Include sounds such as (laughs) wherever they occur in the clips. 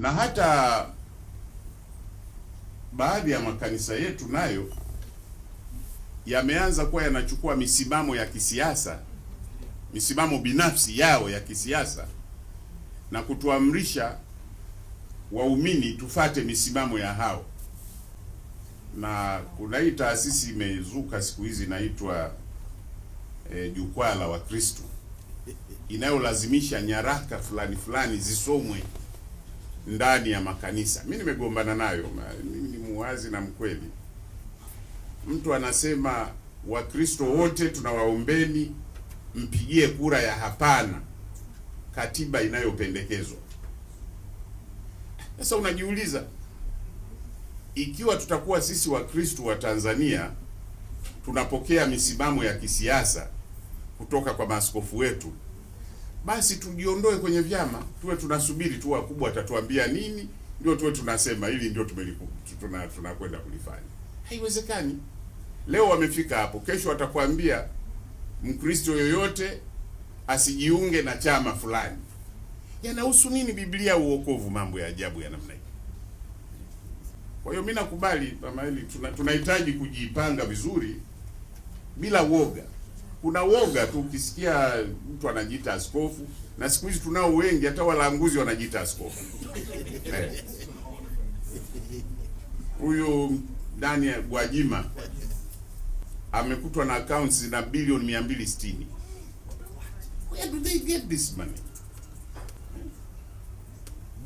na hata baadhi ya makanisa yetu nayo yameanza kuwa yanachukua misimamo ya kisiasa, misimamo binafsi yao ya kisiasa na kutuamrisha waumini tufate misimamo ya hao. Na kuna hii taasisi imezuka siku hizi inaitwa e, Jukwaa la Wakristo inayolazimisha nyaraka fulani fulani zisomwe ndani ya makanisa. Mimi nimegombana nayo, mimi ni muwazi na mkweli. Mtu anasema Wakristo wote tunawaombeni mpigie kura ya hapana katiba inayopendekezwa. Sasa unajiuliza, ikiwa tutakuwa sisi Wakristo wa Tanzania tunapokea misimamo ya kisiasa kutoka kwa maaskofu wetu basi tujiondoe kwenye vyama, tuwe tunasubiri tu wakubwa watatuambia nini, ndio tuwe tunasema hili ndio tunakwenda tuna kulifanya. Haiwezekani. Leo wamefika hapo, kesho watakwambia Mkristo yoyote asijiunge na chama fulani. Yanahusu nini Biblia, uokovu? Mambo ya ajabu ya namna hii. Kwa hiyo mimi nakubali mama, ili tunahitaji tuna kujipanga vizuri bila woga kuna woga tu. Ukisikia mtu anajiita askofu, na siku hizi tunao wengi, hata walanguzi wanajiita askofu. Eh. Huyu Daniel Gwajima amekutwa na accounts zina bilioni 260. Where do they get this money?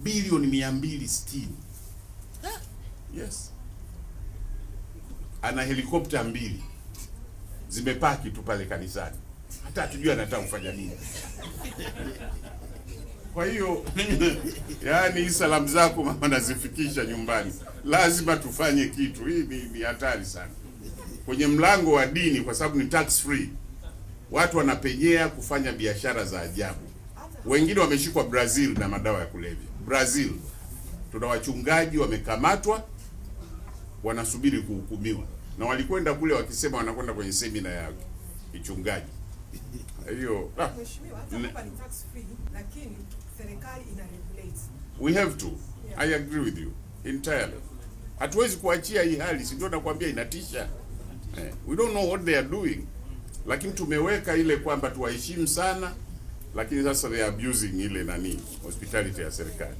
Bilioni 260. Ah. Yes. Ana helikopta mbili zimepaki tu pale kanisani, hata hatujui anataka kufanya nini. Kwa hiyo (laughs) yani, salamu zako mama nazifikisha nyumbani, lazima tufanye kitu. Hii ni hatari sana kwenye mlango wa dini, kwa sababu ni tax free. Watu wanapenyea kufanya biashara za ajabu. Wengine wameshikwa Brazil na madawa ya kulevya. Brazil tuna wachungaji wamekamatwa, wanasubiri kuhukumiwa na walikwenda kule wakisema wanakwenda kwenye semina ya kichungaji. (laughs) Hiyo ah. we have to yeah. I agree with you entirely. Hatuwezi kuachia hii hali, si ndio? Nakwambia inatisha eh. We don't know what they are doing, lakini tumeweka ile kwamba tuwaheshimu sana, lakini sasa they are abusing ile nani hospitality ya serikali.